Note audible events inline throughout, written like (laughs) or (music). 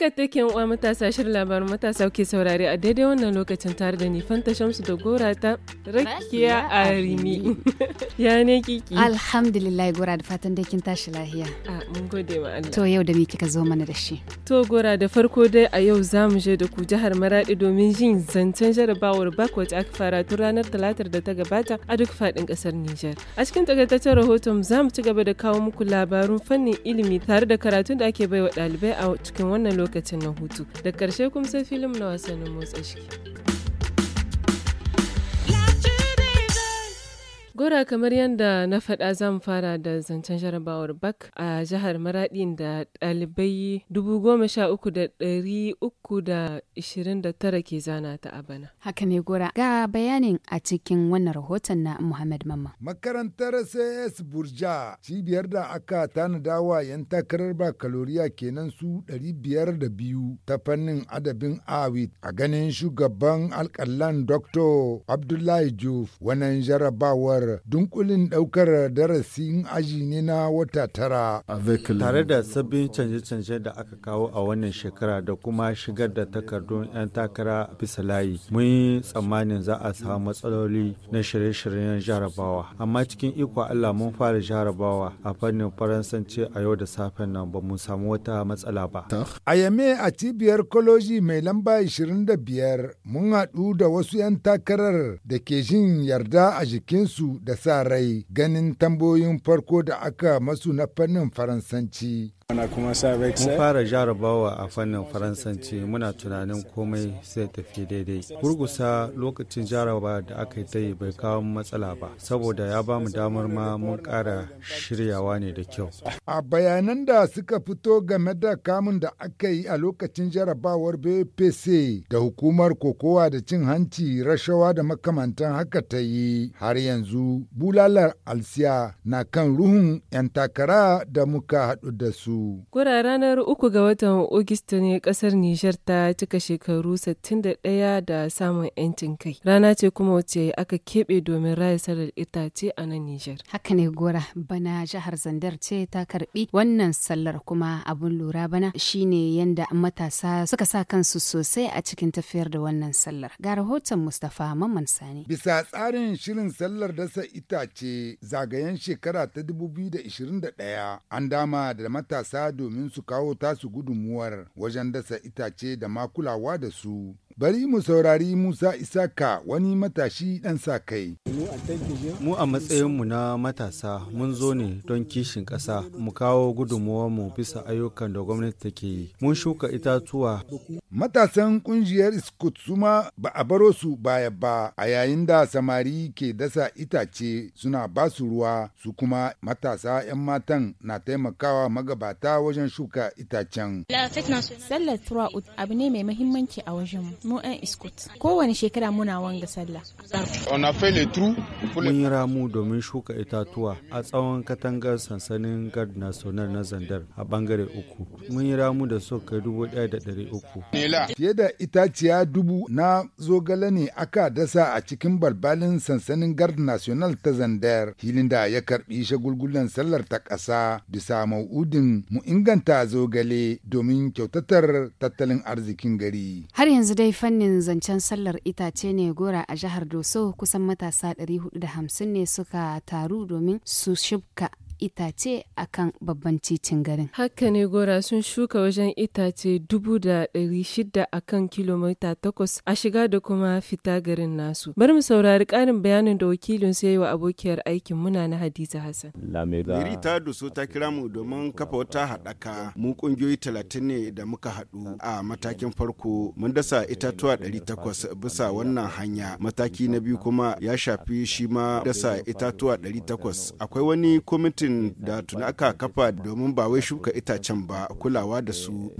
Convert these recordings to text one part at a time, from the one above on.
Haka take uwa matasa shirin labarin matasa ke saurari a daidai wannan lokacin tare da ni Fanta Shamsu da Gora ta Rakiya rimi (laughs) Ya ne kiki? Alhamdulillah Gora da fatan da kin tashi lahiya. A mun gode ma Allah. To yau da me kika zo mana da shi? To Gora da farko dai a yau za mu je da ku jihar Maradi domin jin zancen jarabawar bak aka fara tun ranar Talatar da ta gabata a duk fadin kasar Nijar. A cikin takaitaccen rahoton za mu ci gaba da kawo muku labarun fannin ilimi tare da karatun da ake baiwa ɗalibai a cikin wannan lokacin. lokacin na hutu. Da ƙarshe kuma sai filim na wasannin motsa shi. Gora kamar yadda na faɗa zan fara da zancen jarabawar bak a jihar Maraɗin da ɗalibai sha 13,329 ke zana ta a bana. Haka ne Gora ga bayanin a cikin wannan rahoton na Muhammad Mamma. Makarantar CS Burja cibiyar da aka tanada wa 'yan takarar bakaloriya kenan su da biyu ta fannin adabin awit a ganin shugaban alƙallan Dr. Abdullahi Juf wannan jarabawar Nijar dunkulin ɗaukar darasin aji ne na wata tara. Tare da sabbin canje-canje da aka kawo a wannan shekara da kuma shigar da takardun 'yan takara bisa layi, mun yi tsammanin za a samu matsaloli na shirye-shiryen jarabawa. Amma cikin iko Allah mun fara jarabawa a fannin Faransanci a yau da safen nan ba mu samu wata matsala ba. A yame a cibiyar koloji mai lamba 25 mun haɗu da wasu 'yan takarar da ke jin yarda a jikinsu da sa rai ganin tambayoyin farko da aka masu na fannin Faransanci Mun eh? fara jarabawa a fannin Faransanci muna tunanin komai sai tafi daidai. Gurgusa lokacin jaraba da aka yi ta yi bai kawo matsala ba, saboda ya ba mu damar ma mun ƙara shiryawa ne da kyau. A bayanan da suka fito game da kamun da aka yi a lokacin jarabawar BPC da hukumar kokowa da cin hanci rashawa da makamantan haka ta yi har yanzu bulalar alsiya na kan ruhun 'yan takara da muka haɗu da su. Kura ranar uku ga watan Ogista ne kasar Nijar ta cika shekaru 61 da samun 'yancin kai. Rana ce kuma wace aka keɓe domin raya sarar itace a nan Nijar. Haka ne gora bana jihar Zandar ce ta karbi wannan sallar kuma abun lura bana shine yanda matasa suka sa kansu sosai a cikin tafiyar da wannan sallar. Ga rahoton Mustapha Mamman Sani. Bisa tsarin shirin sallar dasa itace zagayen shekara ta 2021 an dama da matasa matasa domin su kawo tasu gudunmuwar wajen dasa itace da ma kulawa da su Bari mu saurari Musa Isaka wani matashi ɗan sa kai. Mu a matsayinmu na matasa mun zo ne don kishin ƙasa mu kawo mu bisa ayyukan da gwamnati take yi. Mun shuka itatuwa. Matasan ƙungiyar Iskut suma ba a baro su baya ba a yayin da samari ke dasa itace suna ba su ruwa su kuma matasa 'yan matan na taimakawa magabata wajen shuka itacen. Sallar Tura'ud abu ne mai mahimmanci a wajen mu 'yan iskut kowane shekara muna wanga sallah mun yi ramu domin shuka itatuwa a tsawon katangar sansanin gard national na zandar a bangare uku mun yi ramu da su kai dubu ɗaya da ɗari uku fiye da itaciya dubu na zogale ne aka dasa a cikin balbalin sansanin gard national ta zandar hilin da ya karbi shagulgulan sallar ta ƙasa bisa maudin mu inganta zogale domin kyautatar tattalin arzikin gari har yanzu dai fannin zancen sallar itace ne gora a jihar Doso kusan matasa 450 ne suka taru domin su shibka itace a kan babban titin garin. Haka ne gora sun shuka wajen itace dubu da ɗari shida a kan kilomita takwas a shiga da kuma fita garin nasu. Bari mu saurari ƙarin bayanin da wakilin sai wa abokiyar aikin muna na Hadiza Hassan. Lamiri ta dusu ta kira mu domin kafa wata haɗaka mu ƙungiyoyi talatin ne da muka haɗu a matakin farko mun dasa itatuwa ɗari takwas bisa wannan hanya mataki na biyu kuma ya shafi shi ma dasa itatuwa ɗari takwas akwai wani kwamitin kwamitin da tuni aka kafa domin ba wai shuka itacen ba kulawa da su.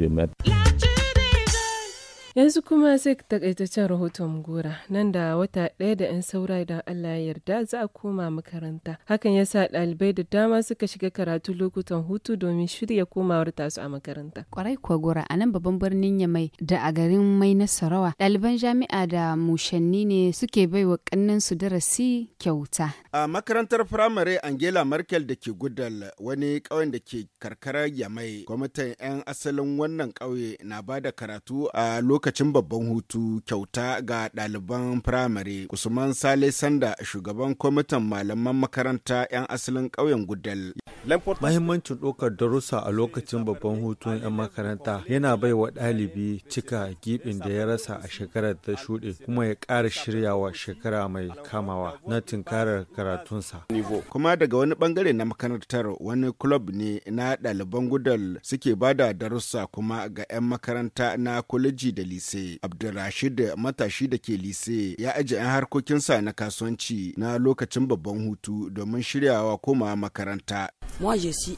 Yanzu kuma sai takaitaccen rahoton gora nan da wata ɗaya da 'yan saura idan Allah ya yarda za a koma makaranta. Hakan ya sa ɗalibai da dama suka shiga karatu lokutan hutu domin shirya komawar tasu a makaranta. Kwarai kuwa gora a nan babban birnin Yamai da a garin Mai na Sarawa ɗaliban jami'a da mushanni ne suke bai wa ƙannen su darasi kyauta. A makarantar firamare Angela Merkel da ke Gudal wani ƙauyen da ke karkarar Yamai gwamnatin 'yan asalin wannan ƙauye na ba da karatu a lokacin lokacin babban hutu kyauta ga ɗaliban firamare usman sale sanda shugaban kwamitin malaman makaranta 'yan asalin ƙauyen gudal Mahimmancin ɗaukar darussa a lokacin babban hutun 'yan makaranta yana bai wa ɗalibi cika gibin da ya rasa a shekarar ta shuɗe kuma ya ƙara shiryawa shekara mai kamawa na tunkarar karatunsa. Kuma daga wani bangare na makarantar wani kulob ne na ɗaliban gudal suke ba da darussa kuma ga 'yan makaranta na kwaleji da lise. Abdulrashid matashi da ke lise ya ajiye 'yan harkokinsa na kasuwanci na lokacin babban hutu domin shiryawa koma makaranta.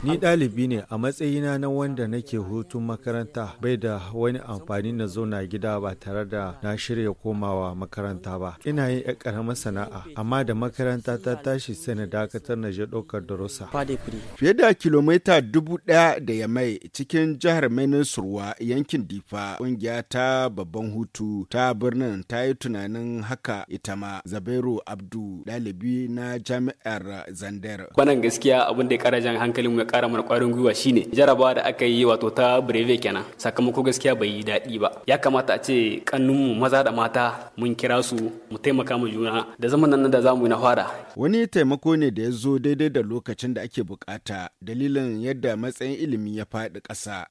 Ni ɗalibi ne a matsayina na wanda nake hutun makaranta bai da wani amfani na zauna gida ba tare da na shirya komawa makaranta ba. Ina yin ƴan ƙaramar sana'a amma da makaranta ta tashi sai na dakatar na je ɗaukar darussa. Fiye da kilomita dubu ɗaya da ya yamai cikin jihar Menin yankin Difa ƙungiya ta babban hutu ta birnin ta yi tunanin haka ita ma Zabairu Abdu ɗalibi na jami'ar Zander. Kwanan gaskiya abin da ya jan hankalin ya kara mana kwarin gwiwa shine jarabawa da aka yi wato ta breve kenan sakamako gaskiya bai yi daɗi ba ya kamata a ce kannunmu maza da mata mun kira su mu taimaka mu juna da zaman nan da zamu na fara wani taimako ne da ya zo daidai da lokacin da ake bukata dalilin yadda matsayin ilimi ya faɗi ƙasa.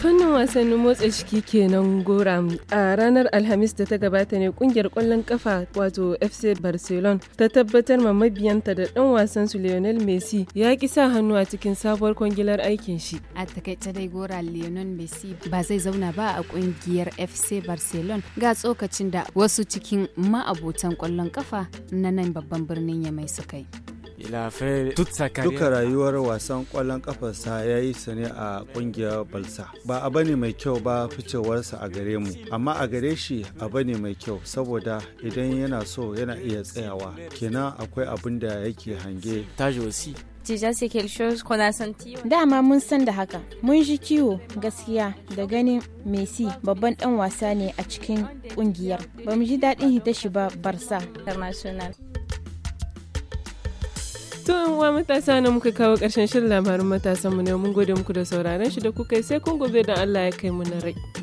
fannin wasannin motsa ciki kenan gora a ranar alhamis da ta gabata ne kungiyar kwallon kafa wato fc barcelona ta tabbatar ma mabiyanta da dan wasan su lionel messi ya ki sa hannu a cikin sabuwar kwangilar aikin shi a takaice dai gora lionel messi ba zai zauna ba a kungiyar fc barcelona ga tsokacin da wasu cikin ma'abotan kwallon kafa na nan babban birnin ya mai su kai. duka rayuwar wasan kwallon kafarsa ya yi sane a kungiyar balsa ba abu ne mai kyau ba ficewarsa a gare mu amma a gare shi abu ne mai kyau saboda idan yana so yana iya tsayawa kenan akwai abin da yake hange Tijan c'est quelque chose qu'on a senti. Dama mun san da haka. Mun ji kiwo gaskiya da ganin Messi babban dan wasa ne a cikin kungiyar. Ba mu ji daɗin hita shi ba Barsa. International. To wa matasa na muka kawo ƙarshen shirin labarin mu ne mun gode muku da sauraron shi da kuka sai kun gobe da Allah ya kai mu na rai.